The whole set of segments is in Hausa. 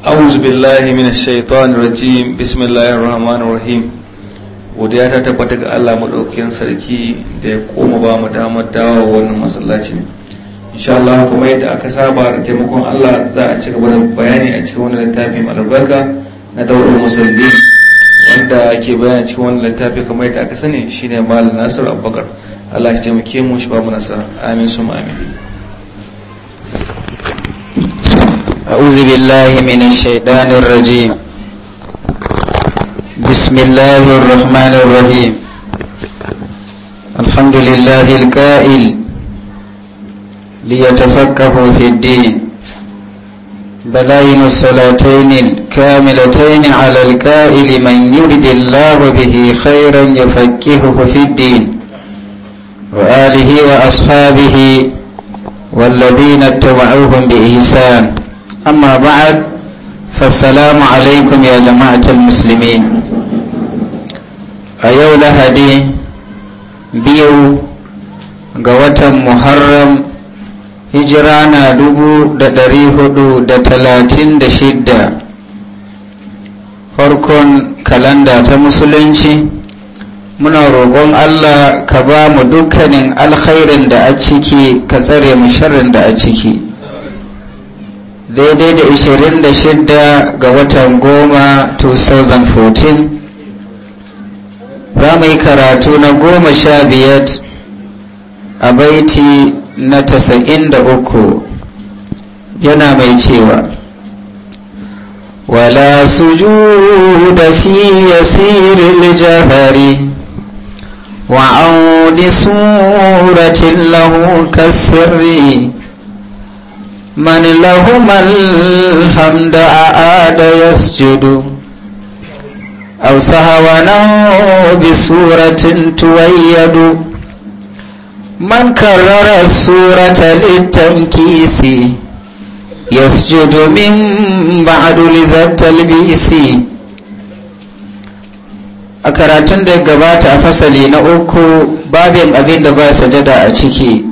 أعوذ بالله من الشيطان الرجيم بسم rahim. godiya ta tabbatar ga Allah madaukakin sarki da ya koma ba mu damar dawo wannan masallaci insha Allah kuma yadda aka saba da taimakon Allah za a ci gaba da bayani a cikin wannan littafi albarka na daular musulmi wanda ke bayani cikin wannan littafi kamar yadda aka sani shine Mallam Nasiru Abubakar Allah ya taimake mu shi ba mu nasara suma amin أعوذ بالله من الشيطان الرجيم بسم الله الرحمن الرحيم الحمد لله الكائل ليتفقهوا في الدين بلاين الصلاتين الكاملتين على الكائل من يرد الله به خيرا يفكهه في الدين وآله وأصحابه والذين اتبعوهم بإحسان أما بعد فالسلام عليكم يا a yau lahadi biyu ga watan muharram hijira na dubu da dari hudu da talatin da shida farkon kalanda ta musulunci muna rogon allah ka ba mu dukkanin alkhairin da a ciki ka tsare mu sharrin da a ciki daidai da 26 ga watan 10 2014 za mu yi karatu na 15 a baiti na 93 yana mai cewa wala su sujuda fi yasiril jahari wa'audi auni suratin lahu kasirri من لهم الحمد أعاد يسجد أو سهونا بسورة تويد من كرر السورة للتنكيس يسجد من بعد لذا التلبيس أكرا تندق بات أفصلي نأوكو بابين أبين دبا سجد abin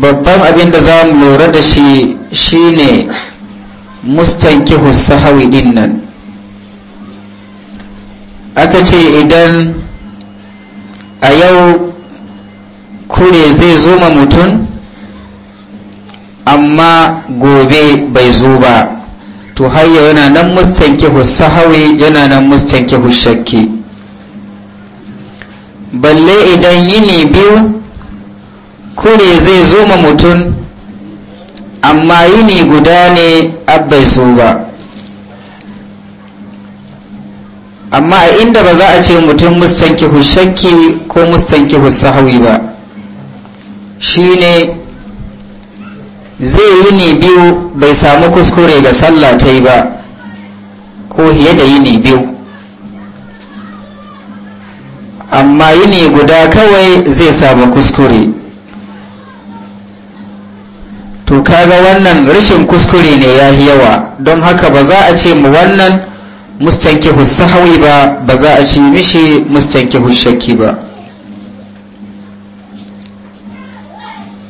babban abin da za mu lura da shi shine mustankihu sahawi din nan aka ce idan a yau kure zai zo ma mutum amma gobe bai zo ba to hayya yana nan mustankihu sahawi yana nan mustankihu shakki balle idan yini biyu kure zai zo ma mutum amma yini guda ne abbai so ba amma a inda ba za a ce mutum mustanki shakki ko mustanki sahawi ba shine zai yi ne biyu bai samu kuskure ga sallah ta yi ba ko fiye da ne biyu amma yini guda kawai zai samu kuskure to kaga wannan rashin kuskure ne ya yi yawa don haka ba za a ce mu wannan mustankihu sahawi ba ba za a ce mishi mustankihu shakki ba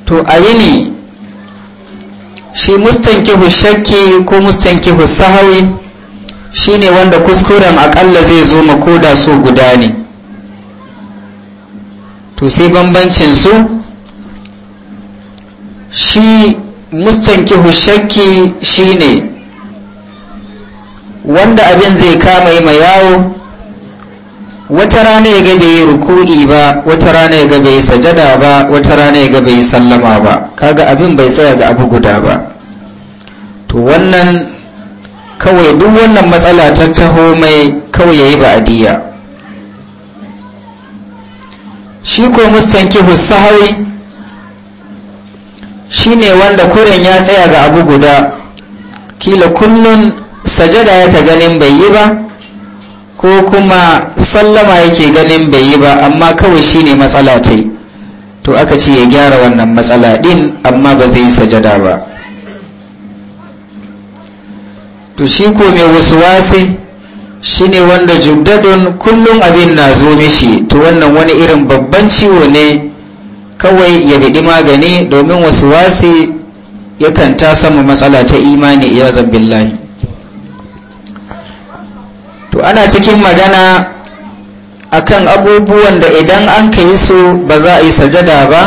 to a yi ne shi mustankihu hushakki ko mustankihu shi ne wanda kuskuren akalla zai zo makoda so guda ne to sai bambancin su shi kihu shakki shine wanda abin zai kama yi mai yawo wata rana ya ga yi ruku'i ba wata rana ya ga yi sajada ba wata rana ya ga yi sallama ba kaga abin bai tsaya ga abu guda ba to wannan kawai duk wannan matsala ta taho mai kawai yayi adiya shi ko mustanki sahawi shine wanda kuren ya tsaya ga abu guda kila kullun sajada yaka ganin bai yi ba ko kuma sallama yake ganin bai yi ba amma kawai shine matsala ta yi to aka ce ya gyara wannan matsala din amma ba zai yi sajada ba to shi ko mai wasuwasi shine wanda jubdadun kullum abin na zo mishi to wannan wani irin babban ciwo ne kawai ya biɗi magani domin wasu wasi yakan ta samu matsala ta imani iya zambillahi to ana cikin magana akan abubuwan da idan an ka yi su ba za a yi sajada ba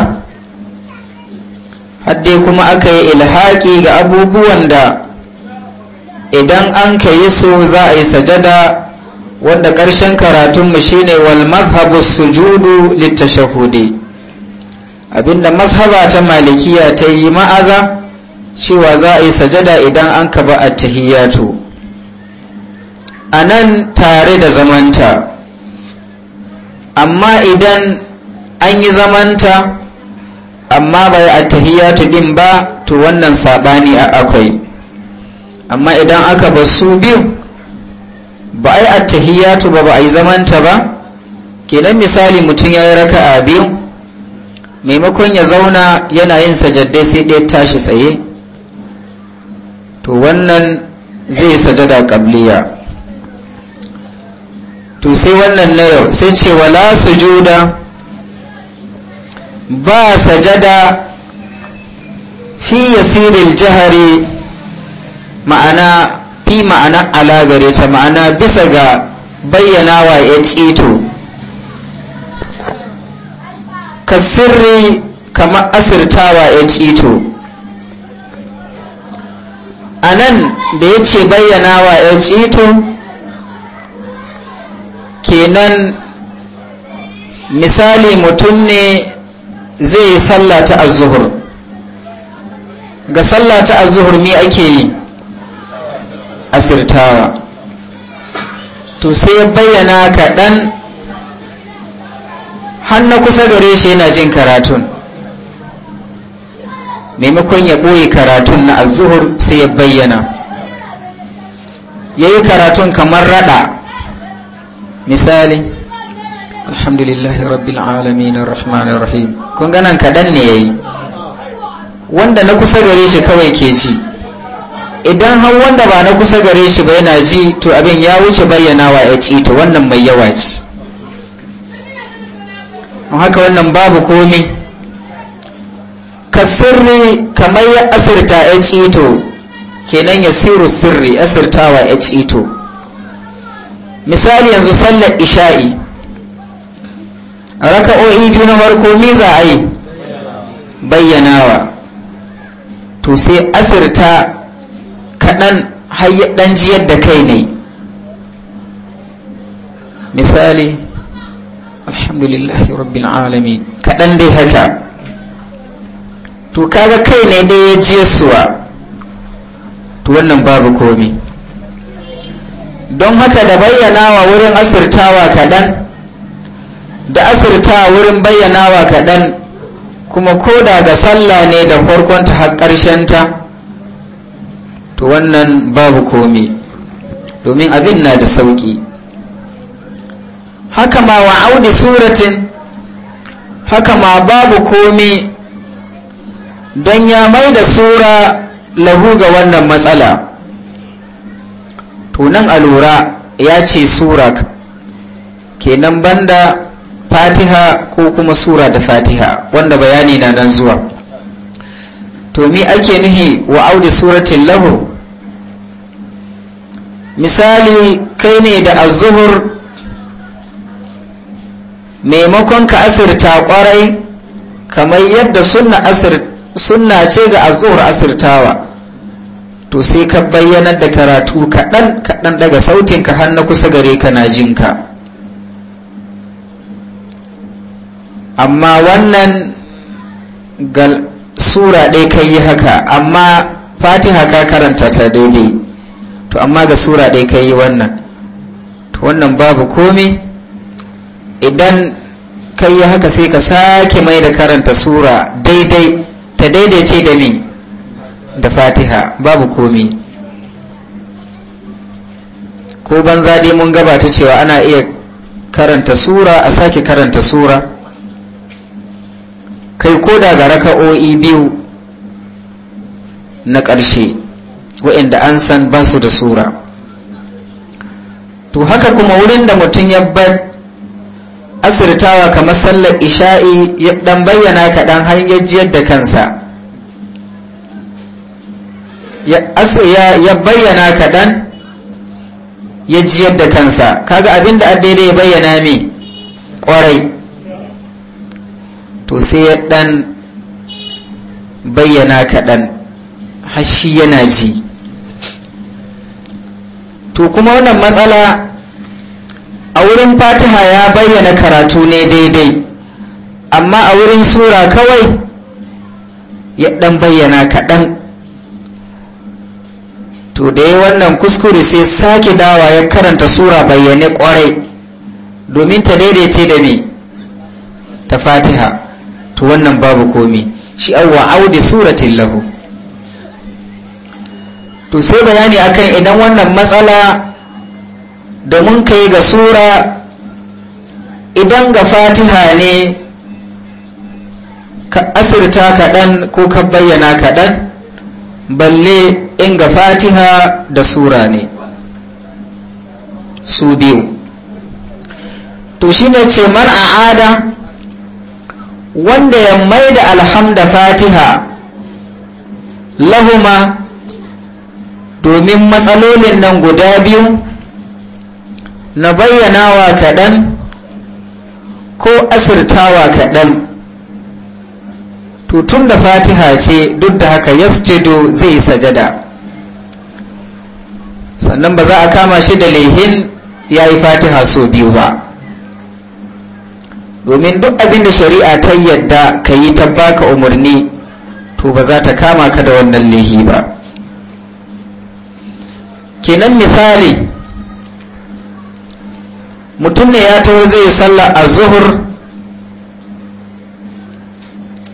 hadde kuma aka yi ilhaƙi ga abubuwan da idan an ka su za a yi sajada wanda ƙarshen karatunmu shine wal madhabu sujudu littashahudi abinda mazhaba ta malikiya ta yi ma'aza cewa za a yi sajada idan an ka ba a tahiyatu a nan tare da zamanta amma idan an yi zamanta amma bai a tahiyatu din ba to wannan sabani a akwai amma idan aka ba su biyu ba a yi a tahiyatu ba ba a yi zamanta ba kenan misali mutum ya yi raka'a biyu maimakon ya zauna yana yin sajaddai sai ɗaya tashi tsaye to wannan zai sajada kabliya to sai wannan na yau sai ce wala sujuda ba sajada fi yasiril jihari ma'ana fi ma'ana ala gare ta ma'ana bisa ga bayyanawa ya ceto ka sirri kamar asirtawa ya cito a nan da ya ce bayyanawa ya cito kenan misali mutum ne zai yi sallata azuhur ga sallata ta azuhur mi ake yi asirtawa to sai bayyana kaɗan har kusa gare shi yana jin karatun maimakon ya ɓoye karatun na azuhur sai ya bayyana ya yi karatun kamar rada misali alhamdulillahi rabbil alamin rahmanir rahim kun ganan kaɗan ne ya yi wanda na kusa gare shi kawai ke ji idan har wanda ba na kusa gare shi ba yana ji to abin ya wuce bayyanawa ya ci to wannan mai yawa ce haka wannan babu komi ka sirri kamar ya asirta ya cito kenan ya siru sirri asirtawa ya cito misali yanzu sallar isha'i raka'o'i biyu na farko mi za a yi bayyanawa to sai asirta kaɗan hayyadan jiyar da kai ne misali alhamdulillahi rabbil alami kaɗan dai haka to kaga kai ne dai ya je suwa to wannan babu komi don haka da bayyanawa wurin asirtawa kaɗan da asirtawa wurin bayyanawa kaɗan kuma ko da ga sallah ne da farkonta har ta to wannan babu komi domin abin na da sauƙi haka ma wa audi suratin haka ma babu komi don ya mai da sura lahu ga wannan matsala tunan alura ya ce sura kenan banda fatiha ko kuma sura da fatiha wanda bayani na nan zuwa to mi ake nuhi wa audi suratin lahu misali kai ne da azuhur maimakon ka asirta kwarai kamar yadda sunna ce ga azuhur asirtawa to sai ka bayyanar da karatu kaɗan kaɗan daga sautinka har na kusa gare ka na jinka amma wannan ga sura ɗaya ka yi haka amma fatiha ka karanta ta daidai to amma ga sura ɗaya ka yi wannan to wannan babu komai idan ka yi haka sai ka sake mai da karanta sura daidai ta daidaice da ni da fatiha babu komi ko banza dai mun gabata cewa ana iya karanta sura a sake karanta sura kai ko daga raka'o'i biyu na ƙarshe waɗanda an san basu da sura to haka kuma wurin da mutum ya bar asirtawa kamar sallar isha'i ya dan bayyana kaɗan hanyar jiyar da kansa ya bayyana kaɗan ya jiyar da kansa kaga abinda da daidai ya bayyana mai kwarai. to sai ya dan bayyana kaɗan hashi yana ji to kuma wannan matsala a wurin fatiha ya bayyana karatu ne daidai amma a wurin sura kawai ya dan bayyana kaɗan to da ya wannan kuskure sai sake dawa ya karanta sura bayyane kwarai domin ta daidaice da mai ta fatiha to wannan babu komi shi awwa audi suratin lahu to sai bayani akan idan wannan matsala da mun kai ga sura idan ga fatiha ne ka asirta kaɗan ko ka bayyana kaɗan balle in ga fatiha da sura ne su biyu to shi ne ce man a'ada wanda ya mai da alhamda fatiha lahuma domin matsalolin nan guda biyu na bayyana wa kaɗan ko asirtawa kaɗan Tutun da fatiha ce duk da haka yasjudu zai sajada sannan ba za a kama shi da lehin ya yi fatiha so biyu ba domin duk abin da shari'a ta yadda ka yi ta baka umarni to ba za ta kama ka da wannan lehi ba kenan misali mutum ne ya taho zai yi sallar azuhur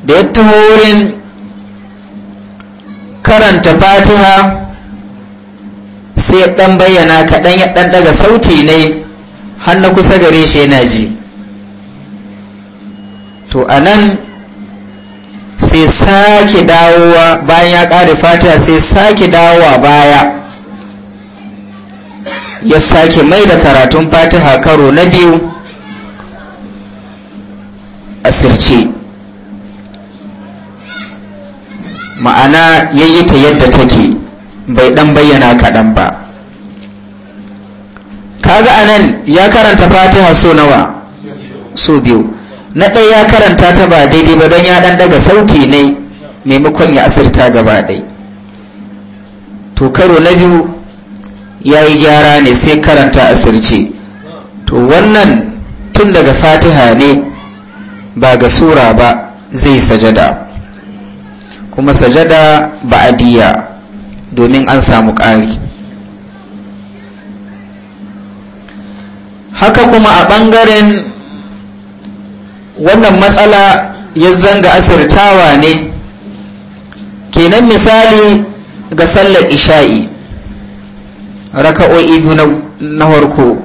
da ya taho wurin karanta fatiha sai ya ɗan bayyana kaɗan ya ɗan daga sauti ne har na kusa gare shi yana ji to a nan sai sake dawowa bayan ya ƙare fatiha sai sake dawowa baya ya sake mai da karatun fatiha karo na biyu a sirce ma'ana yi ta yadda take bai dan bayyana kaɗan ba kaga anan ya karanta fatiha so nawa so biyu na ɗaya ya karanta ta ba daidai ba don ya ɗan daga sauti ne maimakon ya asirta gaba ɗai to karo na biyu ya yi gyara ne sai karanta asirce to wannan tun daga fatiha ne ba ga sura ba zai sajada kuma sajada ba a diya domin an samu ƙari haka kuma a ɓangaren wannan matsala ya zanga asirtawa ne kenan misali ga sallar isha'i raka'o'i biyu na farko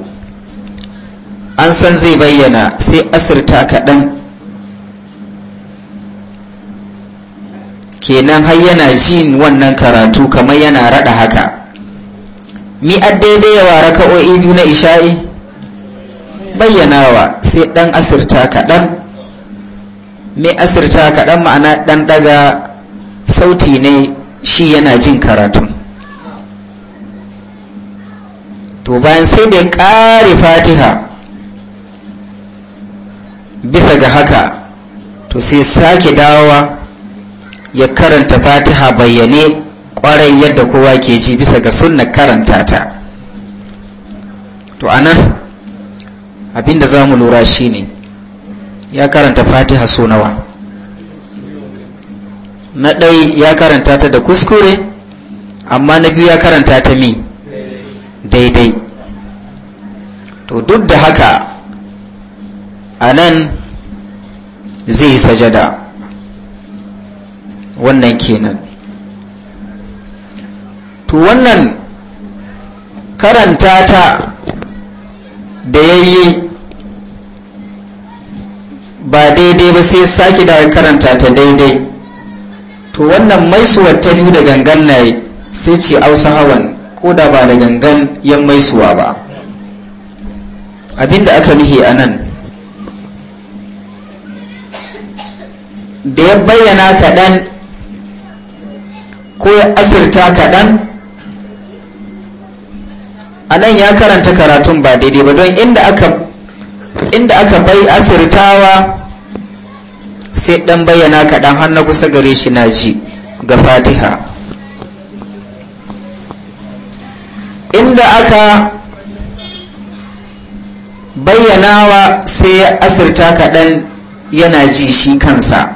an san zai bayyana sai asirta kaɗan kenan har yana jin wannan karatu kamar yana raɗa haka mi daidai yawa raka'o'i biyu na isha'i bayyanawa sai ɗan asirta kaɗan mai asirta kaɗan ma'ana ɗan ɗaga sauti ne shi yana jin karatun to bayan sai da ya ƙare fatiha bisa ga haka to sai sake dawowa ya karanta fatiha bayyane ƙwarai yadda kowa ke ji bisa ga sunna karanta ta to ana abinda za mu lura shine ya karanta fatiha so na ɗai ya karanta ta da kuskure amma na biyu ya karanta ta mi daidai to duk da haka a nan zai sajada wannan kenan to wannan karanta ta da yayi ba daidai ba sai sake da karanta ta daidai to wannan mai maisuwar ta biyu da gangan na sai ce ausa hawan ko da ba da gangan yan maisuwa ba abinda aka nihi a nan da ya bayyana kaɗan ko ya asirta kaɗan a nan ya karanta karatun ba daidai ba don inda aka inda aka bai asirtawa sai ɗan bayyana kaɗan har na kusa gare shi na ji ga fatiha inda aka bayyanawa sai ya asirta kaɗan yana ji shi kansa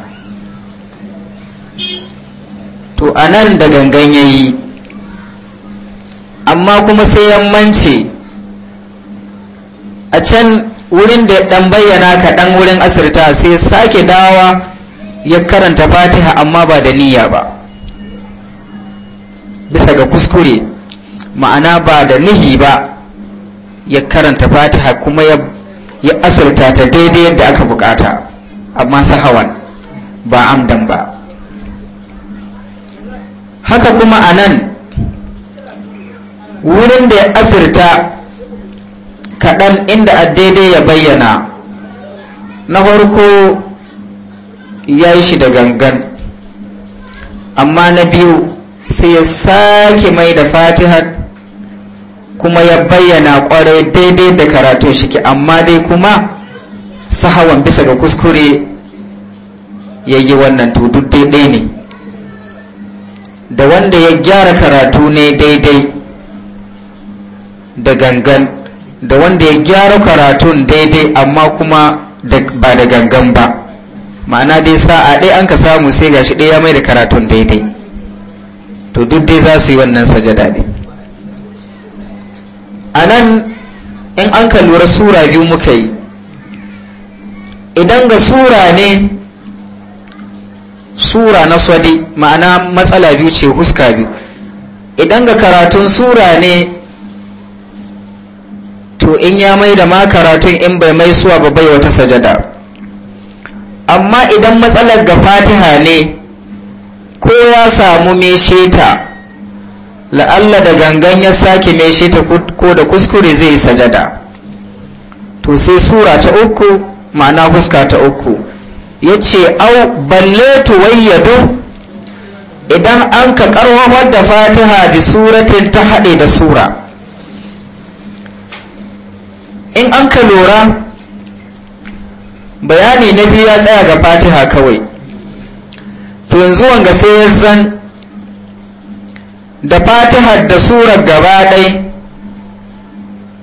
to a nan da gangan ya yi amma kuma sai ya mance a can wurin da ya ɗan bayyana kaɗan wurin asirta sai sake dawa ya karanta fatiha amma ba da niyya ba bisa ga kuskure ma'ana ba da nihi ba ya karanta fatiha kuma ya asirta ta daidai yadda aka bukata amma sahawan ba amdan ba haka kuma a nan wurin da ya asirta kaɗan inda a daidai ya bayyana na farko ya yi shi da gangan amma na biyu sai ya sake mai da fatihar kuma ya bayyana kwarai daidai da karatun ke amma dai kuma sahawan bisa ga kuskure ya yi wannan to duk daidai ne da wanda ya gyara karatu ne daidai da gangan da wanda ya gyara karatun daidai amma kuma ba da gangan ba ma'ana dai sa'a ɗaya an ka samu sai gashi ɗaya mai da karatun daidai to duk dai za su yi wannan sajada ne a nan in an lura sura biyu muka yi idan ga sura ne sura na swadi ma'ana matsala biyu ce huska biyu idan ga karatun sura ne to in ya mai da ma karatun in bai mai suwa ba bai wata sajada amma idan matsalar ga fatiha ne ko ya samu sheta. la'alla da gangan ya sake ne shi ta ko da kuskure zai yi sajada to sai sura ta uku ma'ana fuska ta uku ya ce au balle tuwayyadu idan an ka karwamar da fatiha bi suratin ta haɗe da sura in an ka lura bayani na biyu ya tsaya ga fatiha kawai to yanzu wanga sai ya zan da fatihar da surar gaba ɗai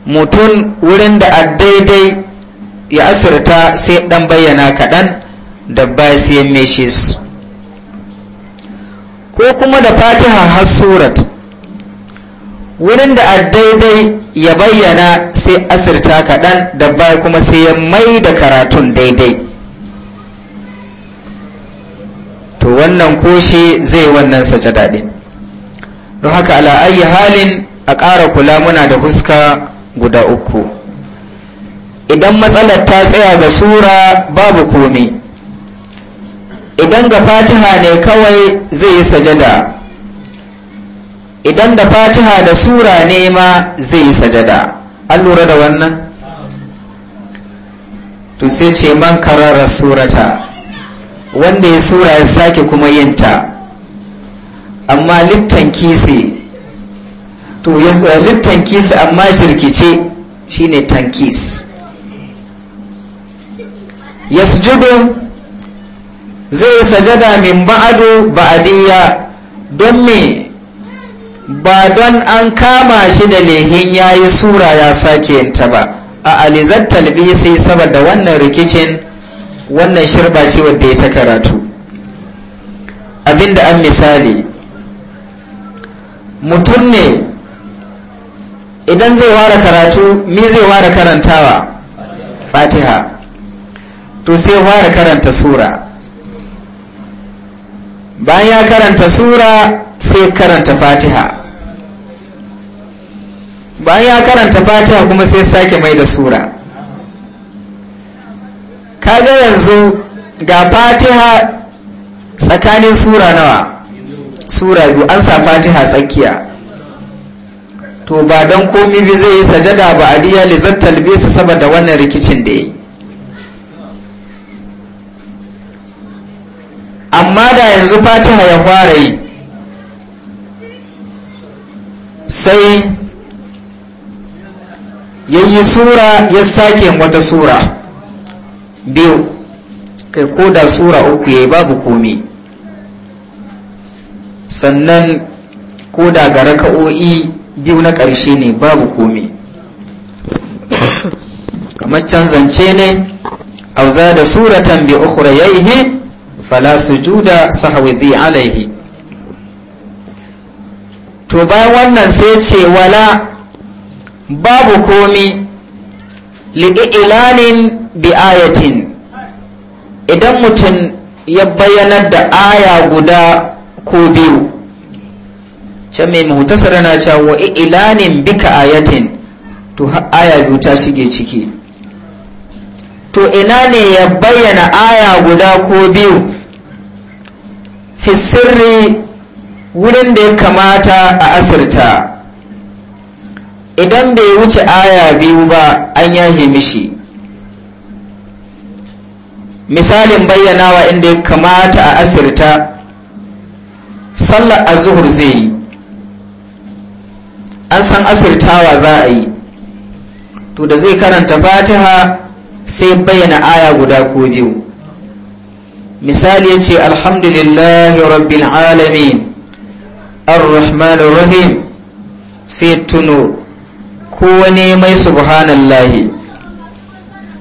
mutum wurin da a daidai ya asirta sai ɗan bayyana kaɗan da baya sai ya meshe su ko kuma da fatihar har surat wurin da a daidai ya bayyana sai asirta kaɗan da baya kuma sai ya mai da karatun daidai to wannan koshi zai wannan sajada daɗin don haka ala ayi halin a ƙara kula muna da fuska guda uku idan matsalar ta tsaya ga sura babu komi idan ga fatiha ne kawai zai yi sajada idan da fatiha da sura ne ma zai yi sajada an lura da wannan to sai ce man karara surata wanda ya sura ya sake kuma yinta amma littan kise to uh, littan kise amma jirkice shine tankis yasjudu zai sajada min ba'adu ba'adiyya don me ba don an kama shi da lehin ya yi sura ya sake yinta ba a alizar talbisi saboda wannan rikicin wannan shirba ce wadda ya ta karatu abinda an misali mutum ne idan zai ware karatu mi zai ware karantawa fatiha to sai ware karanta sura bayan ya karanta sura sai karanta fatiha bayan ya karanta fatiha kuma sai sake mai da sura kaga yanzu ga fatiha tsakanin sura nawa sura biyu an sa fatiha tsakiya to ba don komi bi zai yi sajada ba a adiya lizar su saboda wannan rikicin da ya amma da yanzu fatiha ya fara yi sai ya yi sura ya sake wata sura biyu kai ko da sura uku ya yi babu komi sannan ko da ga raka'o'i biyu na ƙarshe ne babu komi kamar canzance ne auza da suratan bi ukhrayaihi fala sujuda sahwi alaihi to bayan wannan sai ce wala babu komi li'ilanin bi ayatin idan mutum ya bayyanar da aya guda ko biyu can mai mutasar na cewa ilanin bika ayatin to aya biyu ta shige ciki to ina ne ya bayyana aya guda ko biyu fisirri wurin da ya kamata a asirta idan bai wuce aya biyu ba an yahe mishi misalin bayyanawa inda ya kamata a asirta sallar azuhur zai yi an san asirtawa za a yi to da zai karanta fatiha sai bayyana aya guda ko biyu misali ya ce alhamdulillahi rabbil alamin ar-rahmanir rahim sai tuno ko wani mai subhanallahi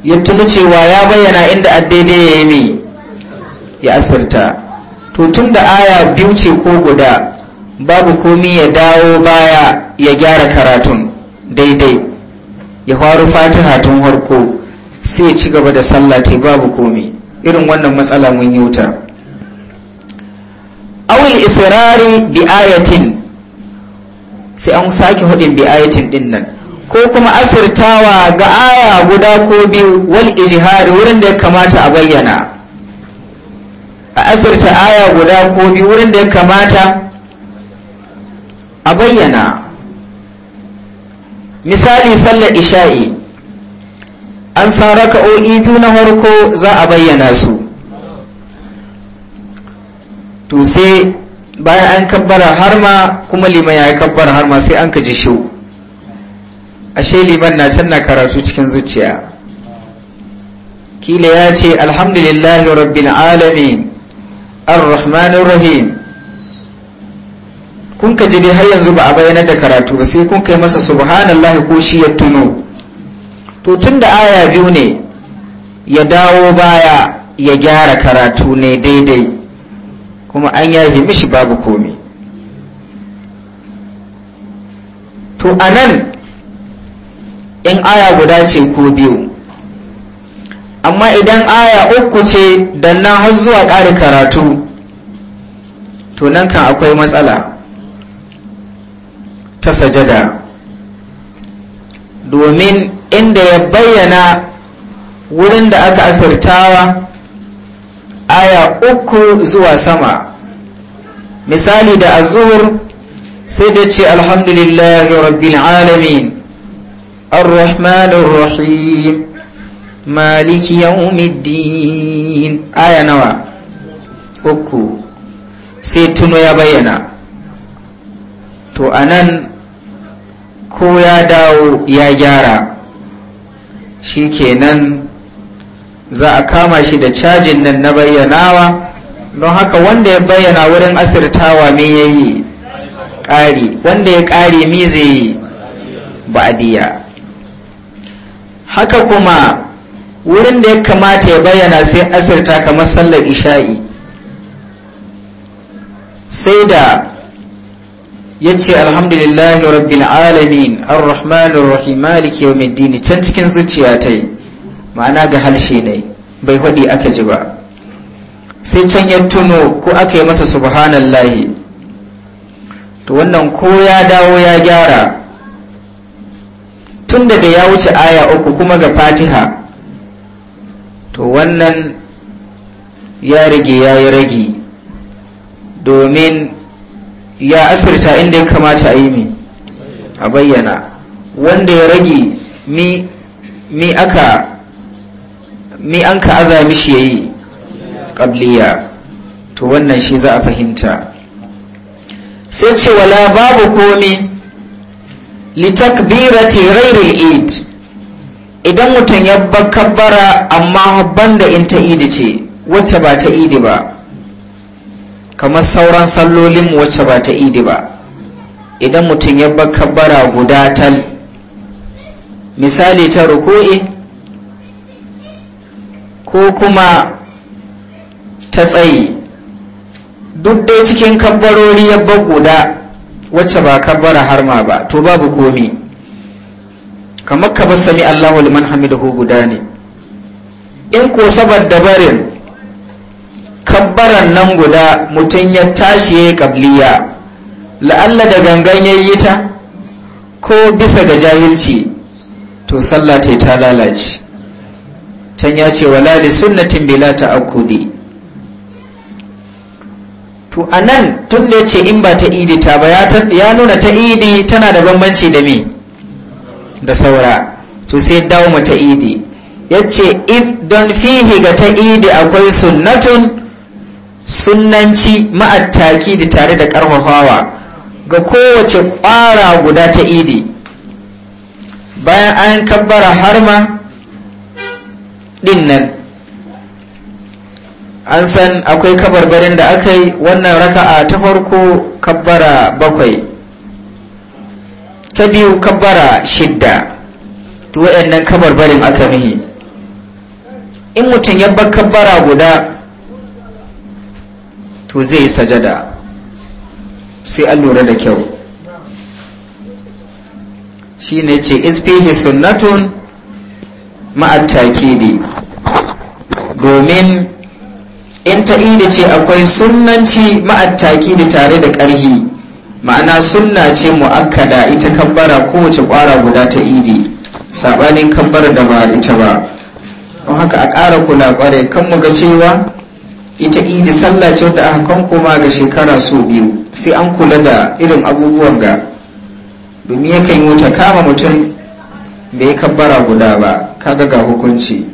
ya tuno cewa ya bayyana inda addaidai ya yi ya asirta to tun da aya biyu ce ko guda babu komi ya dawo baya ya gyara karatun daidai ya faru fatiha tun harko sai ya ci gaba da sallah ta babu komi irin wannan matsala mun yi wuta awil israri bi ayatin sai an sake hudin bi ayatin din nan ko kuma asirtawa ga aya guda ko biyu wal ijihari wurin da ya kamata a bayyana asirta aya guda ko biyu wurin da ya kamata a bayyana misali sallar isha'i an san raka'o'i biyu na harko za a bayyana su to sai bayan an kabbara har kuma liman ya kabbara har sai an ka ji ashe liman na can na karatu cikin zuciya kila ya ce alhamdulillahi rabbil alamin ar-rahmanir rahim kun ka ji dai har yanzu ba a bayyana da karatu ba sai kun kai masa subhanallahi ko shi ya tuno to tunda aya biyu ne ya dawo baya ya gyara karatu ne daidai kuma an yaje mishi babu komi to anan in aya guda ce ko biyu amma idan aya uku ce da na har zuwa ƙari karatu to nan kan akwai matsala ta sajada domin inda ya bayyana wurin da aka asirtawa aya uku zuwa sama misali da azur sai da ce alhamdulillahi rabbil alamin ar rahim maliki yawmiddin aya nawa uku sai tuno ya bayyana to anan ko ya dawo ya gyara shi kenan za a kama shi da cajin nan na bayyanawa don haka wanda ya bayyana wurin asirtawa me ya yi ƙari wanda ya ƙari me zai yi ba'adiyya haka kuma wurin da ya kamata ya bayyana sai asirta kamar sallar isha'i sai da ya ce alhamdulillahi rabbil alamin ar-rahmanir rahim maliki yawmiddin can cikin zuciya ta yi ma'ana ga halshe ne bai hudi aka ji ba sai can ya tuno ko aka yi masa subhanallahi to wannan ko ya dawo ya gyara tun da ya wuce aya uku kuma ga fatiha to wannan ya rage ya yi rage domin ya asirta inda ya kamata a yi mi a bayyana wanda ya rage mi, aka mi an ka aza mishi ya yi ƙabliya to wannan shi za a fahimta sai ce wala babu komi litakbirati ghairil eid idan mutum ya kabbara amma banda in ta idi ce wacce ba ta idi ba kamar sauran sallolin wacce ba ta idi ba idan mutum ya kabbara guda tal misali ta ruku'i ko kuma ta tsayi duk dai cikin kabbarori ya guda wacce ba kabbara ma ba to babu komi kamar ka sami Allahu liman hamidahu guda ne in ko da barin kabbaran nan guda mutum ya tashi ya yi kabliya la'alla da gangan ya yi ta ko bisa ga jahilci to sallah ta ta lalace can ya ce wala li sunnatin bila ta akudi to anan tun da ce in ba ta idi ta ba ya nuna ta idi tana da bambanci da me da saura to sai dawo mata idi ya ce don fihi ga ta idi akwai sunnatun sunnanci ma'attaki da tare da karfafawa ga kowace ƙwara guda ta idi bayan an kabbara harma din nan an san akwai kabarbarin da aka yi wannan raka'a ta farko kabbara bakwai ta biyu kabbara shidda to waɗannan kabarbarin aka nuhi in mutum ya bar kabbara guda to zai sajada sai an lura da kyau shi ne ce isfihi sunnatun ma'attaki ne domin in ta ce akwai sunanci ma'attaki da tare da ƙarhi ma'ana sunna ce mu'akkada ita kabbara kowace kwara guda ta idi saɓanin kabbar da ba ita ba don haka a ƙara kula ƙwarai kan mu ga cewa ita idi sallah ce wadda aka kan koma ga shekara so biyu sai an kula da irin abubuwan ga domin yakan yi wuta kama mutum bai kabbara guda ba kaga ga hukunci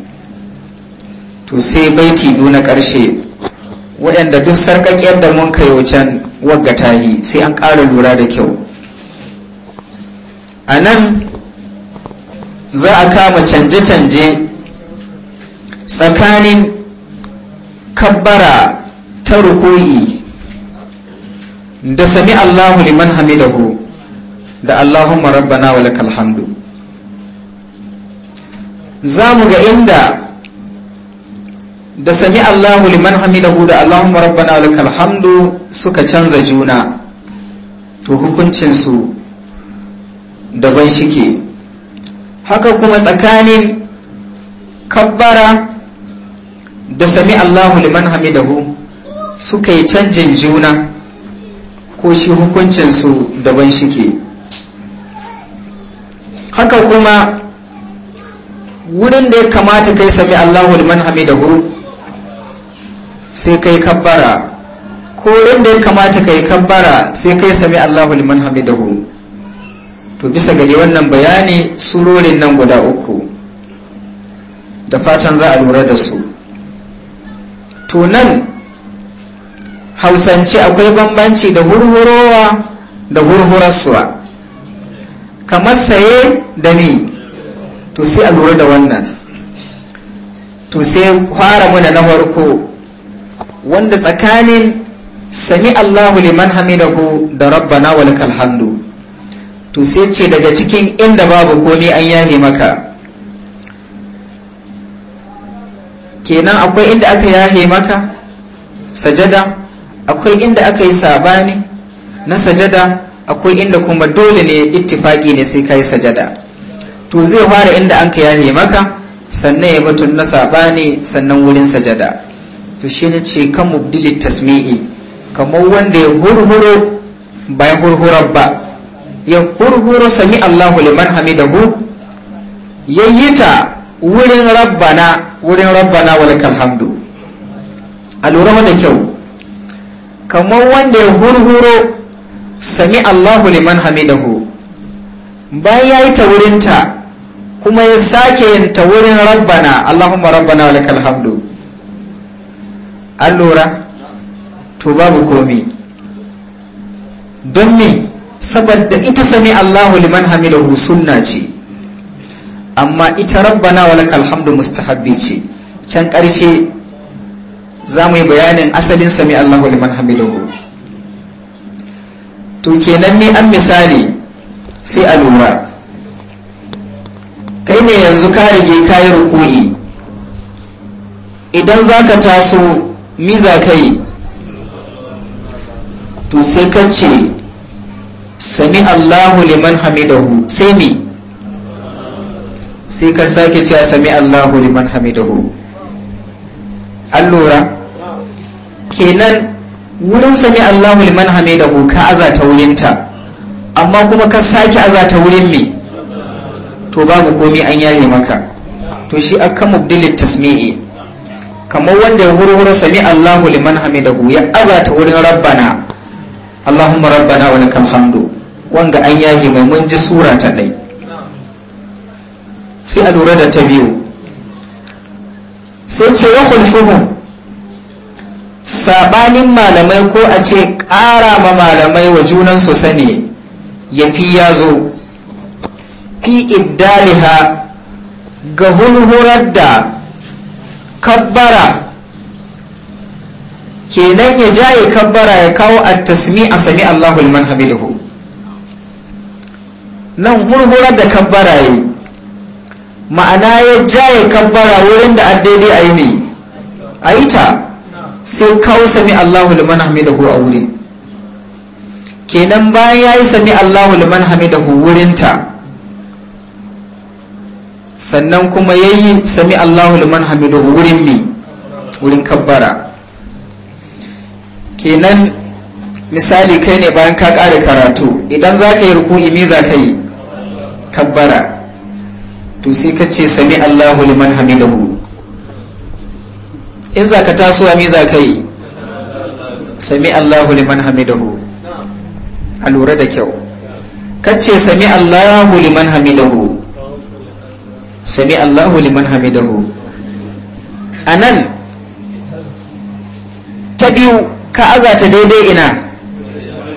to sai baiti biyu na ƙarshe waɗanda duk sarƙaƙiyar da mun kai wucen wagga tahi sai an ƙara lura da kyau a nan za a kama canje-canje tsakanin kabbara ta ruku'i da sami Allahu liman hamidahu da Allahumma rabbana wa lakal hamdu za mu ga inda da sami Allahu liman hamidahu da Allahumma rabbana lakal hamdu suka canza juna to hukuncin su daban shike haka kuma tsakanin kabbara da sami Allahu liman hamidahu suka yi canjin juna ko shi hukuncin su daban shike haka kuma wurin da ya kamata kai sami Allahu liman hamidahu sai kai kabbara ko da ya kamata kai kabbara sai kai sami Allahu liman hamidahu to bisa gari wannan bayani surorin nan guda uku da fatan za a lura da su to nan hausance akwai bambanci da hurhurowa da hurhurarsuwa kamar saye da ni to sai a lura da wannan to sai fara muna na farko wanda tsakanin sami Allahu liman hamidahu da rabbana wa lakal hamdu to sai ce daga cikin inda babu komai an yahe maka kenan akwai inda aka yahe maka sajada akwai inda aka yi sabani na sajada akwai inda kuma dole ne ittifaki ne sai kai sajada to zai fara inda an ka yahe maka sannan ya mutun na sabani sannan wurin sajada to shi ne ce kan mubdili tasmi'i kamar wanda ya hurhuro bayan hurhura ba ya hurhuro sami Allahu liman hamidahu ya yi ta wurin rabbana wurin rabbana walakal hamdu a lura da kyau kamar wanda ya hurhuro sami Allahu liman hamidahu bayan ya yi ta wurinta kuma ya sake yin ta wurin rabbana Allahumma rabbana wa lakal hamdu an lura to babu komi don me saboda ita sami allahu liman hamilahu sunna ce amma ita rabbana wa lakal hamdu mustahabbi ce can ƙarshe za mu yi bayanin asalin sami allahu liman hamilahu to kenan me an misali sai a lura kai ne yanzu ka rige kayi rukuni idan za ka taso miza kai to sai ka ce sami allahu liman hamidahu sai mi sai ka sake cewa sami allahu liman hamidahu Allura. kenan wurin sami allahu liman hamidahu ka azata wurinta amma kuma ka sake azata wurin mi to babu komi an yaye maka to shi akan mubdilit tasmi'i kamar wanda ya hurhura sami Allahu liman hamidahu ya azata wurin rabbana Allahumma rabbana wa lakal hamdu wanga an yaji mai mun ji sura ta dai sai a lura da ta biyu sai ce ya khulfuhum sabanin malamai ko a ce ƙara ma malamai wa junan su sani ya fi ya zo fi iddaliha ga hulhurar da kabbara kenan ya jaye kabbara ya kawo at-tasmi a sami Allahu liman hamidahu nan hurhurar da kabbara yi ma'ana ya jaye kabbara wurin da addadi a yi mai a yi ta sai kawo sami Allahu liman hamidahu a wurin kenan bayan ya yi sami Allahu liman hamidahu wurinta sannan kuma ya yi sami Allahu liman hamiduhu wurin mi wurin kabbara kenan misali kai ne bayan ka kare karatu idan za ka yi ruku'i me za ka yi kabbara to sai ka ce sami Allahu liman hamidahu in za ka taso me za ka yi sami Allahu liman hamidahu a lura da kyau ka ce sami Allahu liman hamidahu sami Allahu liman hamidahu a nan ta biyu ka azata daidai ina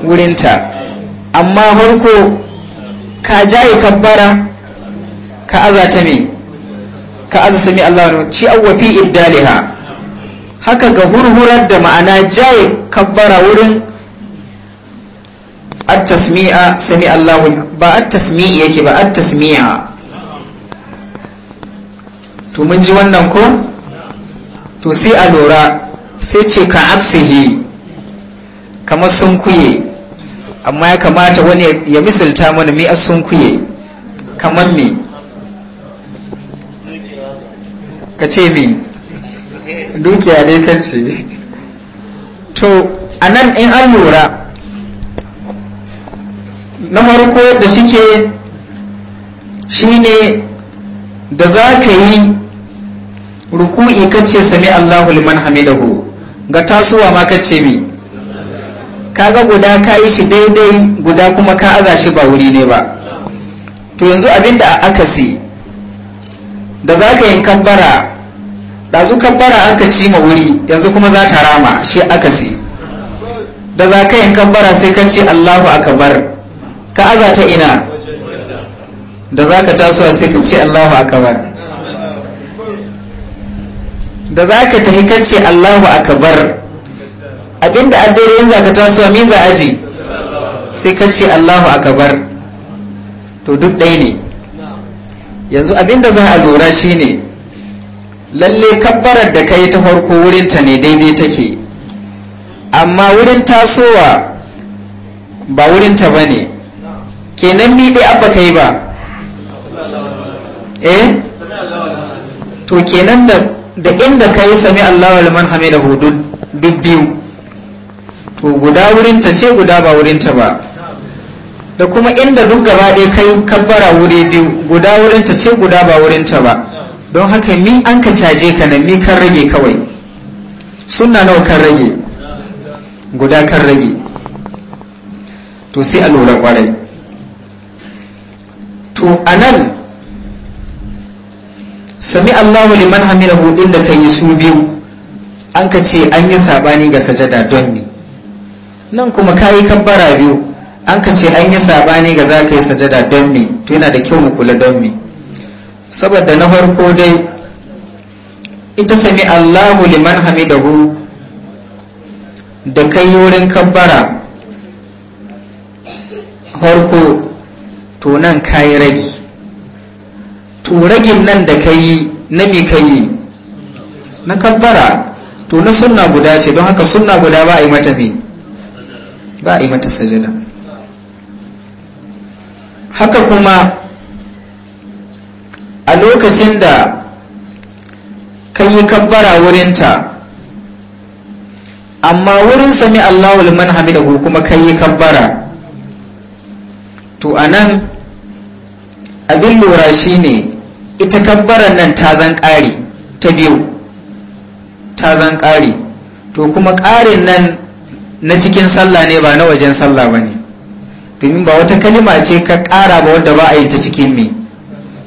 wurinta amma farko ka jaye kabbara ka azata me ka aza sami Allahu ci awwafi ibdaliha haka ga hurhurar da ma'ana jaye kabbara wurin at-tasmi'a sami Allahu ba at-tasmi'i yake ba at-tasmi'a to mun ji wannan ko to sai a lura sai ce ka aksihi kamar sun kuye amma ya kamata wani ya misalta mana mi sun kuye kamar mi ka ce mi dukiya dai kan ce to a nan in an lura na farko da shi ke shi ne da za ka yi ruku'i kace sami Allahu liman hamidahu ga tasowa ma kace mi kaga guda ka yi shi daidai guda kuma ka aza shi ba wuri ne ba to yanzu abinda a akasi da za ka yi kabbara su kabbara an ka ci ma wuri yanzu kuma za ta rama shi akasi da za ka yi kabbara sai ka ce allahu akbar ka aza ta ina da za ka tasowa sai ka ce allahu akbar da za ka tafi kace Allahu akbar abinda addare yanzu ka taso me za aji sai ka ce Allahu akbar to duk ɗaya ne yanzu abinda za a lura shine lalle kabbarar da kai ta farko wurinta ne daidai take amma wurin tasowa ba wurinta ba ne kenan mi dai abba kai ba eh to kenan da da inda ka yi sami Allah wa liman hamidahu duk biyu to guda wurinta ce guda ba wurinta ba da kuma inda duk gaba ɗaya ka yi kabbara wuri biyu guda wurinta ce guda ba wurinta ba don haka mi an ka caje ka nan mi kan rage kawai suna nawa kan rage guda kan rage to sai a lura kwarai to a nan sami Allahu liman hamilahu hudun da yi su biyu an ka ce an yi sabani ga sajada don me nan kuma ka yi kabbara biyu an ka ce an yi sabani ga za ka yi sajada don me to yana da kyau mu kula don me saboda na farko dai ita sami Allahu liman hamidahu da kai wurin kabbara farko to nan kayi ragi to ragin nan da ka yi na mi ka yi na kabbara to na suna guda ce don haka suna guda ba a yi mata me ba a yi mata sajada haka kuma a lokacin da ka yi kabbara wurinta amma wurin sami Allahu liman hamidahu kuma ka yi kabbara to anan abin lura ne. ita kabbaran nan ta zan ƙari ta biyu ta zan ƙari to kuma ƙarin nan na cikin sallah ne ba na wajen sallah ba ne domin ba wata kalima ce ka ƙara ba wanda ba a yi ta cikin me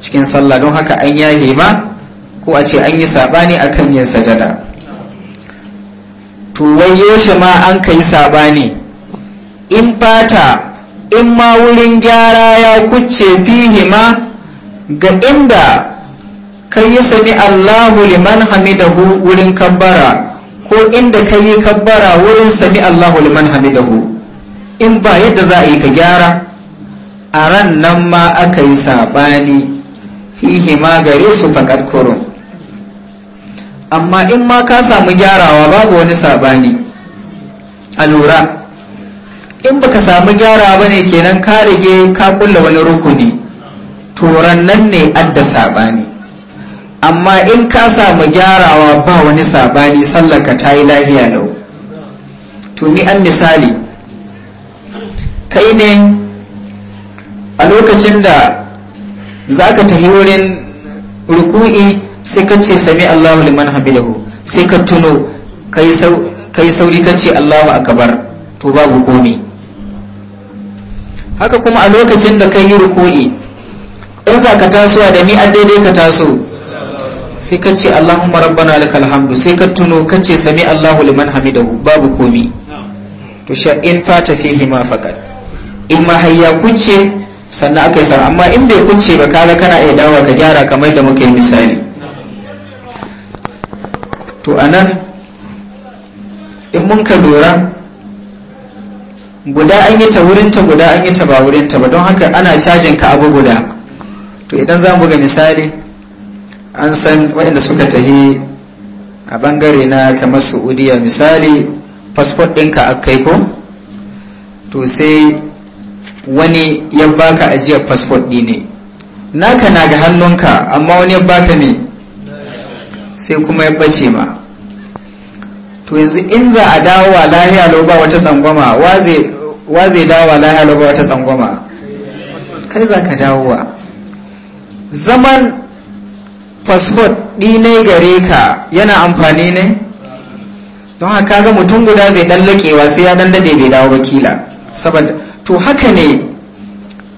cikin sallah don haka an ya hema ko a ce an yi saɓani a kan yin sajada to wai yaushe ma an ka yi saɓani in fata in ma wurin gyara ya kucce fihima ga inda kai yi sami Allahu liman hamidahu wurin kabbara ko inda kai yi kabbara wurin sami Allahu liman hamidahu in ba yadda za a yi ka gyara a ran nan ma aka yi saɓani fihi ma gare su faƙar kurun amma in ma ka samu gyarawa babu wani saɓani a lura in baka samu gyarawa ba ne kenan ka rage ka kulla wani rukuni turan nan ne adda sabani amma in ka samu gyarawa ba wani sabani sallaka ta yi lahiya lau to an misali kai ne a lokacin da za ka tafi wurin ruku'i sai ka ce sami allahu liman hamidahu sai ka tuno kai sauri ka ce allahu akabar to babu komi haka kuma a lokacin da ka yi ruku'i in za ka tasowa da ni an daidai ka taso sai ka ce Allahumma rabbana lakal alhamdu sai ka tuno ka ce sami Allahu liman hamidahu babu komi to sha in fata fi ma faqat in ma hayya kuce sannan aka yi sa amma in bai kuce ba kaga kana iya dawa ka gyara kamar da muka yi misali to anan in mun ka lura guda an yi ta wurinta guda an yi ta ba wurinta ba don haka ana cajin ka abu guda to idan za mu buga misali an san waɗanda suka tafi a bangare na kamar saudiya misali fasfot ɗinka a kai ko to sai wani ya baka ajiyar fasfot ɗi ne naka na ga hannunka amma wani ya baka ne sai kuma ya ɓace ma to yanzu in za a wa lahiya wata tsangwama wa zai wa lahiya wata tsangwama kai za ka dawo wa. zaman fasfot ɗinai gare ka yana amfani ne don haka ga mutum guda zai ɗan laƙewa sai ya ɗan daɗe bai dawo wakila saboda to haka ne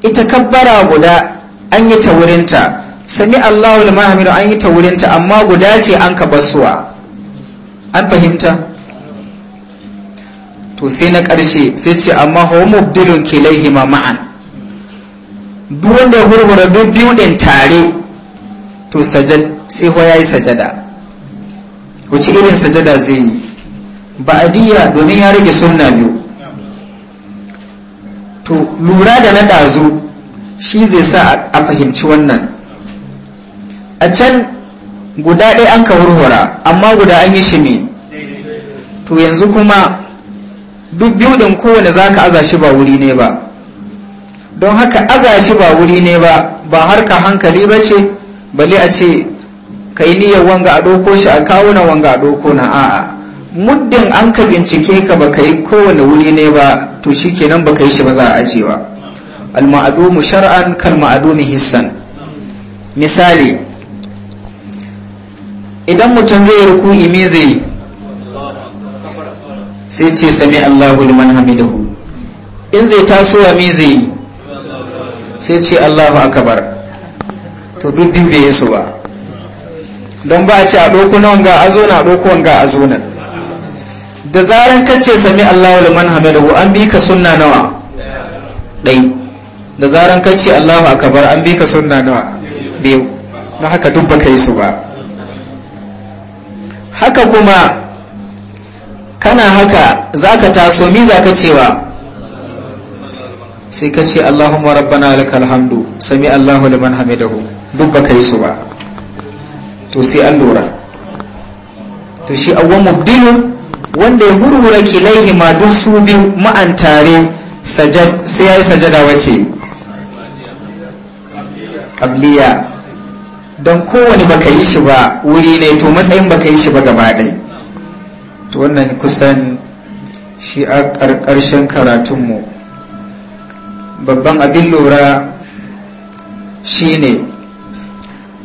ita kabbara guda an yi ta wurinta sami allahu limahamidu an yi ta wurinta amma guda ce an ka basuwa an fahimta to sai na ƙarshe sai ce amma homo dilon kilai hima ma'an duk wanda ya gurgura duk biyu din tare to sai ho ya yi sajada wace irin sajada zai yi diya domin ya rage sunna biyu to lura da na ɗazu shi zai sa a fahimci wannan a can guda ɗaya an ka wurwara amma guda an yi ne to yanzu kuma duk biyu ɗin kowane za ka aza shi ba wuri ne ba don haka aza shi ba wuri ne ba ba harka hankali ba ce bali a ce ka yi niyyar wanga a ɗauko shi a kawo na wanga a ɗauko na a'a muddin an ka bincike ka ba ka yi kowane wuri ne ba to shi kenan ba kai shi ba za a ajewa al-ma'adumu shar'an kal ma'adumi hissan misali idan mutum zai ruku imi zai sai ce sami Allahu liman hamidahu in zai tasowa mi zai sai ce allahu akabar to duk biyu da yesu ba don ba a ce a ɗoku nan ga a zona a ɗoko wanga a zona da zaren kace sami allahu liman wa an bi ka sunna nawa ɗai da zaren kace allahu akabar an bi ka sunna nawa biyu na haka duk baka yi su ba haka kuma kana haka za ka taso mi za ka cewa sai ka ce Allahumma rabbana lakal hamdu sami Allahu liman hamidahu duk baka yi su ba to sai an lura to shi awwa mubdilu wanda ya hurhura kilaihi ma duk su biyu ma'an tare sajad sai yayi sajada wace qabliya don kowane baka yi shi ba wuri ne to matsayin baka yi shi ba gaba ɗaya to wannan kusan shi a karatun mu. babban abin lura shine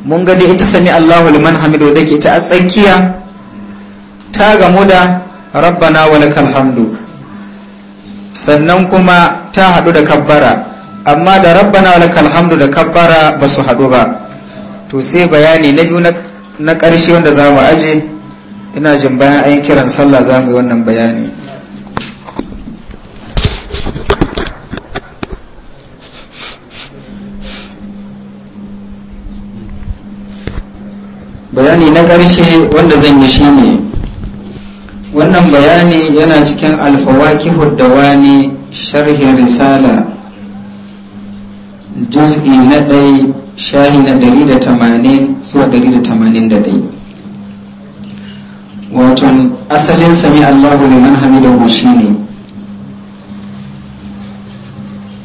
mun gani ita sami Allahu liman hamidu da ke ta tsakiya ta gamu da rabbana wa lakal hamdu sannan kuma ta haɗu da kabbara amma da rabbana wa lakal hamdu da kabbara ba su haɗu ba to sai bayani na biyu na ƙarshe wanda za mu aje ina jin bayan an kiran sallah za mu yi wannan bayani bayani na ƙarshe wanda zan yi shi ne wannan bayani yana cikin alfawaki ne sharhi risala juz'i na ɗai shahi na 180 zuwa 181 waton asalin sami allahu liman hamidahu shi ne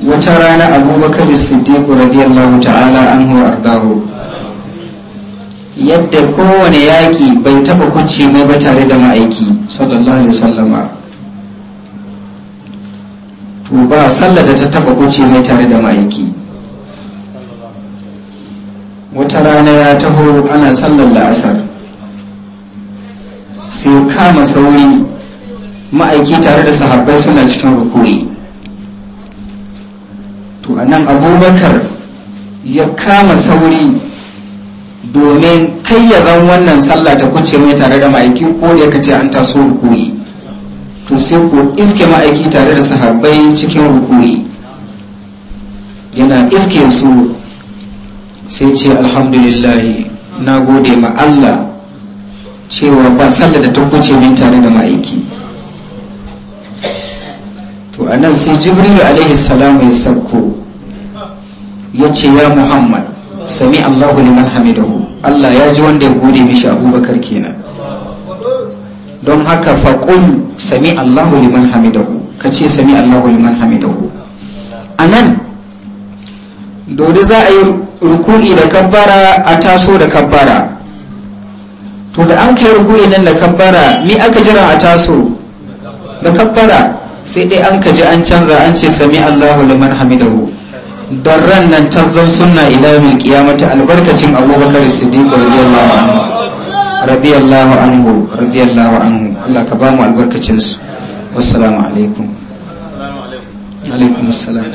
wata rana abubakar siddiq radiyallahu ta'ala an huwa ardahu yadda kowane yaƙi bai taɓa kuce mai ba tare da ma'aiki sallallahu alaihi sallama to ba sallar da ta taɓa kuce mai tare da ma'aiki wata rana ya taho ana sallar la'asar sai kama sauri ma'aiki tare da sahabbai suna cikin rukuri to anan abubakar ya kama sauri domin kai ya zan wannan sallah ta kwace mai tare da ma'aiki ko da kace an taso rukuni to sai ko iske ma'aiki tare da sahabbai cikin rukuni yana iske su sai ce alhamdulillahi na gode ma Allah cewa ban sallah da ta kwace mai tare da ma'aiki to anan sai jibril alaihi salam ya sauko ya ce ya muhammad sami Allahu liman hamidahu Allah ya ji wanda ya gode mishi abubakar kenan don haka faƙul sami Allahu liman hamidahu ka ce sami Allahu liman hamidahu a nan dole za a yi rukuni da kabbara a taso da kabbara to da an kai rukuni nan da kabbara mi aka jira a taso da kabbara sai dai an ka ji an canza an ce sami Allahu liman hamidahu don ran nan tazzan sunna ila min kiyamata albarkacin abubakar siddiq radiyallahu anhu radiyallahu anhu Allah ka ba mu albarkacin su assalamu alaikum alaikum assalam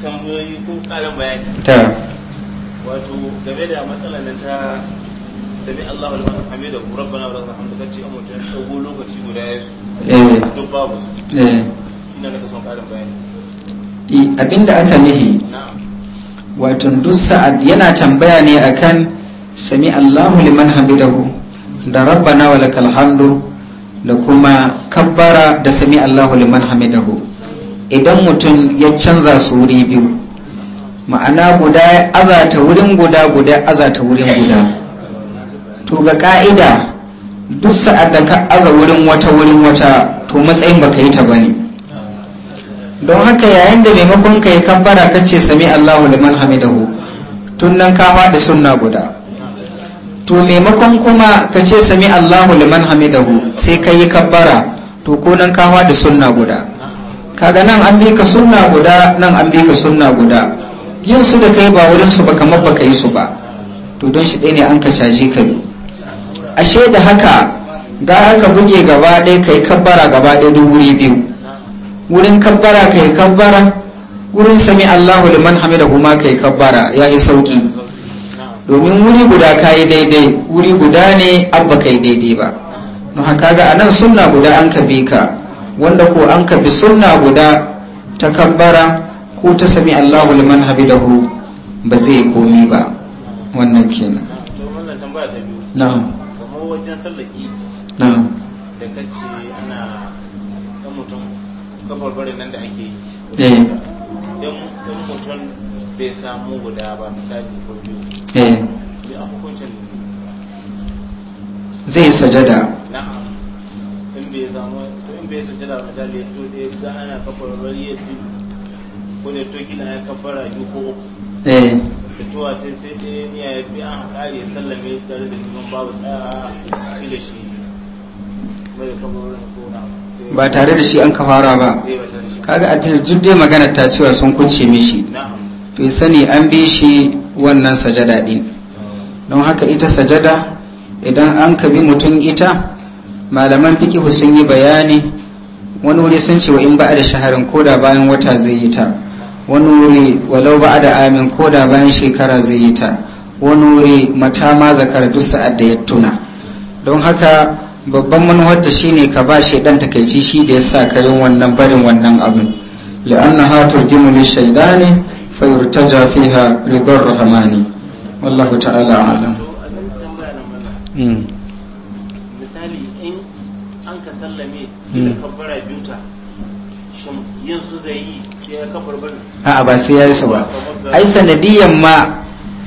tambayoyi ko karin bayani ta wato game da matsalar nan ta sami Allahu bayani abinda aka nihi wato duk sa'ad yana tambaya ne akan sami Allahu liman hamidahu da rabbana wa lakal hamdu da kuma kabbara da sami Allahu liman hamidahu idan mutum ya canza su wuri biyu ma'ana guda ya azata wurin guda guda ya azata wurin guda to ga ka'ida duk sa'ad da ka aza wurin wata wurin wata to matsayin baka yi ta bane don haka yayin da maimakon ka yi kabbara ka ce sami Allahu liman hamidahu tun nan ka faɗi sunna guda to maimakon kuma ka ce sami Allahu liman hamidahu sai ka yi kabbara to ko nan ka faɗi sunna guda kaga nan an bi ka sunna guda nan an bi ka sunna guda yin su da kai ba wurin su ba kamar ka yi su ba to don shi ɗaya ne an ka caje ka ashe da haka gara aka buge gaba ɗaya ka yi kabbara gaba ɗaya dubu biyu wurin kabbara kai kabbara wurin sami Allahu liman hamida kuma kai kabbara ya yi sauki domin wuri guda ka yi daidai wuri guda ne abba kai daidai ba no haka ga anan sunna guda an ka bi ka wanda ko an ka bi sunna guda ta kabbara ko ta sami Allahu liman hu ba zai komi ba wannan kenan na'am kamar wajen sallaki idi da kace ana mutum kafarfarin nan da ake yi eh. mutum bai samu guda ba misali ko biyu eh. a hukuncin zai sajada bai samu in bai sajada misali ya to ga ana ya biyu ko to kila ya ko uku eh. ta sai ɗaya ya bi an ya sallame tare da neman babu tsaya a kila shi ba tare da shi an ka fara ba eh, kaga a duk dai magana ta cewa sun kunce mishi to ya sani an bi shi wannan sajada din don haka ita sajada idan an ka bi mutum ita malaman fikihu sun yi bayani wani wuri sun ce wa in a da shaharin koda bayan wata zai yi ta wani wuri walau a da amin koda bayan shekara zai yi ta wani wuri mata ma zakar duk sa'ad da ya tuna don haka babban manuwarta shine ka ba shi dan takaici shi da ya sa kayan wannan barin wannan abin la'anna ha turgimu li shaidani fa yurtaja fiha ridar rahmani wallahu ta'ala alam hmm. misali in an ka sallame hmm. da kabbara biyuta yin su zai yi sai ya kabar bane a'a ba sai ya yi su ba ai sanadiyan ma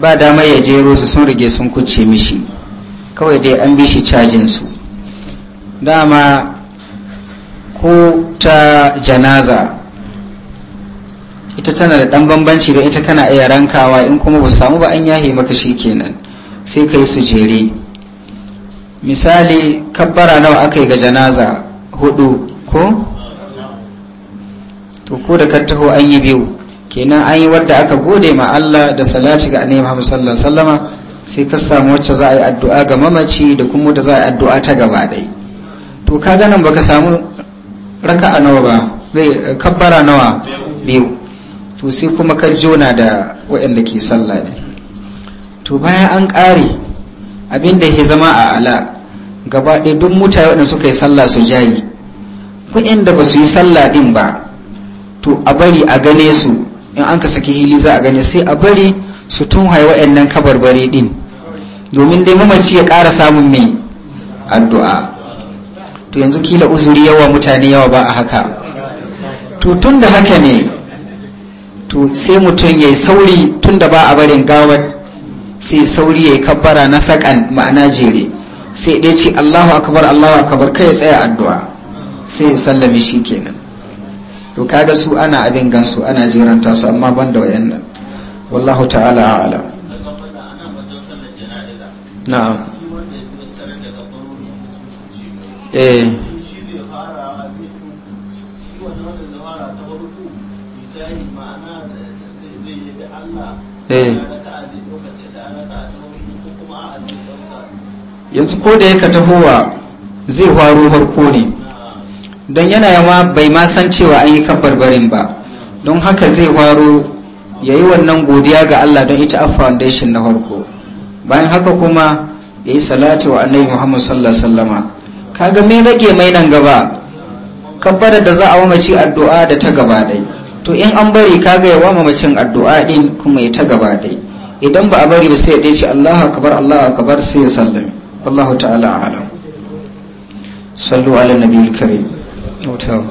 ba damar ya jero su sun rige sun kuce mishi kawai dai an bi shi cajin su dama ko ta janaza ita tana da dan bambanci da ita kana iya rankawa in kuma ba samu ba an yahe maka kenan sai kai su jere misali kabbara nawa aka yi ga janaza hudu ko to ko da kattaho an yi biyu kenan an yi wadda aka gode ma Allah da salati ga annabi Muhammad sallallahu alaihi wasallama sai ka samu wacce za a yi addu'a ga mamaci da kuma da za a yi addu'a ta gaba dai to ka ga nan baka samu raka'a nawa ba zai kabbara nawa biyu to sai kuma ka jona da waɗanda ke sallah ne to bayan an ƙare abin da ya zama a ala gaba ɗaya duk mutane waɗanda suka yi sallah su jayi kuɗin da ba su yi sallah ɗin ba to a bari a gane su in an ka saki hili za a gani sai a bari su tun haiwa wa'annan kabarbare din domin dai mamaci ya ƙara samun mai addu'a to yanzu kila uzuri yawa mutane yawa ba a haka to tun da haka ne to sai mutum ya yi sauri tun da ba a barin gawar sai sauri ya yi kabbara na sakan ma'ana jere sai ɗaya ce allahu akabar allahu akabar kai ya tsaya addu'a sai sallame shi kenan to kaga su ana abin gansu ana jeranta su amma ban da wayannan wallahu ta'ala a'ala na'am eh. eh yanzu ko da ya ka tahowa zai hwaro harko ne don yana yawa bai ma san cewa an yi barbarin ba don haka zai waro ya yi wannan godiya ga Allah don ita a foundation na farko bayan haka kuma ya yi salatu wa annabi Muhammad sallallahu sallama kaga min rage mai nan gaba kabbara da za a wa mace addu'a da ta gaba dai to in an bari kaga ya ma mamacin addu'a din kuma ya ta gaba dai idan ba a bari ba sai ya dace Allahu akbar Allahu akbar sai ya sallame Allahu ta'ala a'lam sallu ala nabiyil karim hotel